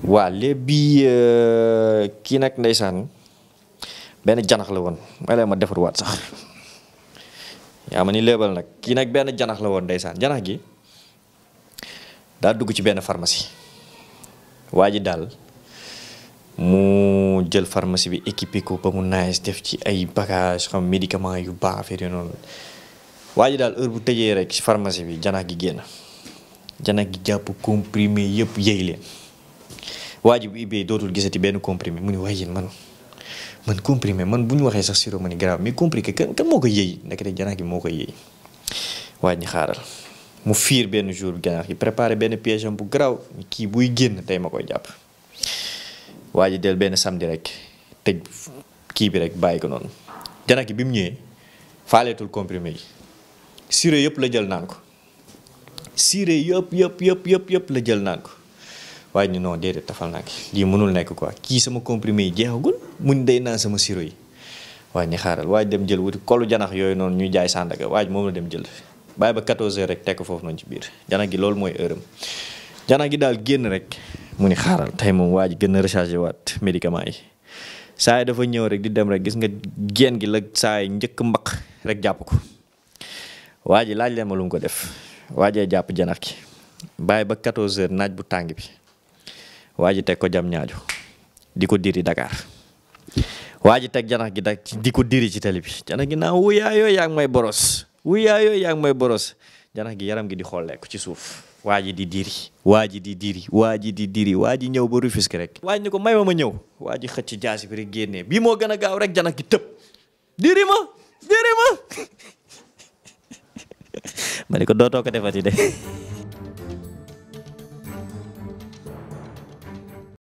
waa léegi euh, kii nag ndeysaan benn janax la woon may la ma defarwaat sax yaa ma ni léebal nag kii nag benn janax la woon ndeysaan janax gi daa dugg ci benn pharmacie waaji daal mu jël pharmacie bi équipé ko ci ay bagage xam yu baax affaire daal heure bu tëjee rek ci pharmacie bi janax gi génn gi jàpp comprimé yëpp yëy leen waa ji bu ibbee dootul gisati benn comprimé mu ni waaye yéen man man comprimé man bu ñu waxee sax siro ma ni grave mais compliqué kan kan moo koy yëy gi moo koy yëy waa ji xaaral mu fiir benn jour janax gi préparé benn piège bu garaaw kii buy génn tey ma koy jàpp waa ji del benn samedi rek tëj kii bi rek bàyyi ko noonu janax gi bi mu ñëwee faaleetul comprimé yi sirop yëpp la jël naan ko sirop yëpp yëpp yëpp yëpp yëpp la jël naan ko waaye ñu non déedéet tafal naa ki lii mënul nekk quoi kii sama comprimé yi jeexagul muñ day naan sama siro yi waaye ñu xaaral waaj dem jël wuti kolu janax yooyu noonu ñuy jaay Sandaga waaj moom la dem jël bàyyi ba 14h rek tekk foofu noonu ci biir janax gi loolu mooy heure am janax gi daal génn rek mu ni xaaral tey moom waaj gën a rechargé waat médicament yi saa yi dafa ñëw rek di dem rek gis nga génn gi la saa yi njëkk mbaq rek jàpp ko waa ji laaj leen ma lu ko def waajee jàpp janax gi bàyyi ba 14h naaj bu tàng bi. waa ji teg ko jam ñaaju di ko diri dakaar waa ji teg janax gi di ko diri ci tali bi janax gi naa wuyaayoo yaa ngi may boros wuyaayoo yaa ngi may boros janax gi yaram gi di xool lekk ci suuf waa ji di diri waa ji di diri waa ji di diri waa ji ñëw ba Rufisque rek. waa ji ni ko may ma ma ñëw waa ji xëcc jaasi bi rek génnee bii moo gën a gaaw rek janax gi tëb diri ma diri ma ma ne ko dootoo ko defati de.